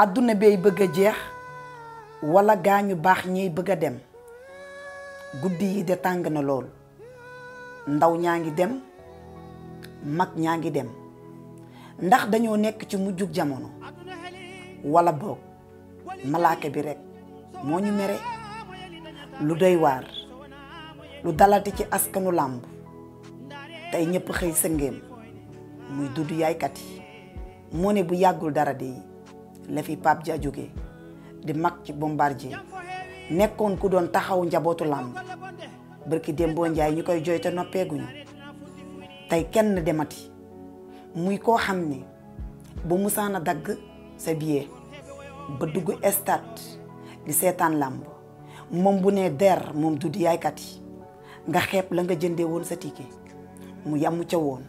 àdduna bey bëgg a jeex wala gaañu baax ñiy bëgg a dem guddi yi de tàng na lool ndaw ñaa ngi dem mag ñaa ngi dem ndax dañoo nekk ci mujju jamono wala boog malaaka bi rekk moo ñu mere lu doy waar lu dalati ci askanu làmb tey ñépp xëy sëngéem muy dudd yaaykat yi moo ne bu yàggul dara de lefi fi Pape Dia jóge di mag ci Bombardier nekkoon ku doon taxaw njabootu làmb barki Dembo Njaay ñu koy jooy te noppeeguñu tey kenn demati muy koo xam ne ba musaana sa billet ba dugg di setan làmb moom bu ne der moom du di yaaykat yi nga xeeb la nga jëndee woon sa ticket mu yàmm ca woon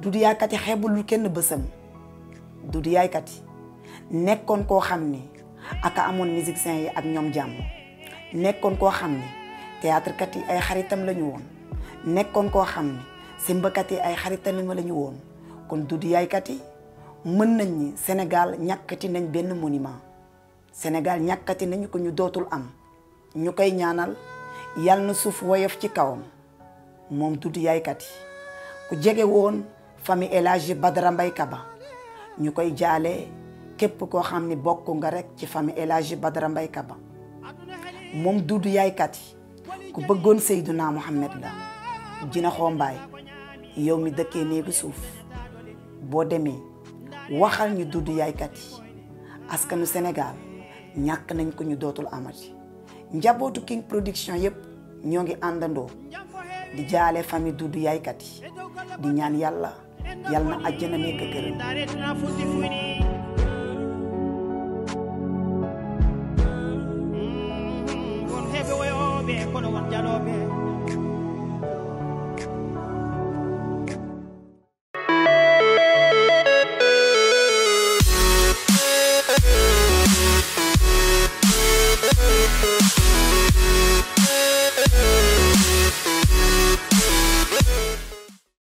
du di yaaykat yi kenn du di nekkoon koo xam ni aka amoon musiciens yi ak ñoom jàmm nekkoon koo xam ni théâtre kat yi ay xaritam lañu woon nekkoon koo xam ni simbakat yi ay xaritam la ñu woon kon dudd yaaykat yi mën nañ ni Sénégal ñàkkati nañ benn monument Sénégal ñàkkati nañu ko ñu dootul am ñu koy ñaanal yal na suuf woyof ci kawam moom dudd yaaykat yi ku jege woon famille El Hadji Badara Mbaye Kaba ñu koy jaale képp koo xam ne bokk nga rek ci famille El Hadji Badara Mbaye Kaba moom duudu yaaykat yi ku bëggoon Seydina Mohamed la jina xombaay yow mi dëkkee néegu suuf boo demee waxal ñu duudu yaaykat yi askanu Sénégal ñàkk nañ ko ñu dootul amati njabootu King Production yépp ñoo ngi àndandoo di jaale famille duudu yaaykat yi di ñaan yàlla yàlla na àjjana nekk këram viejo, los guanchalos viejos.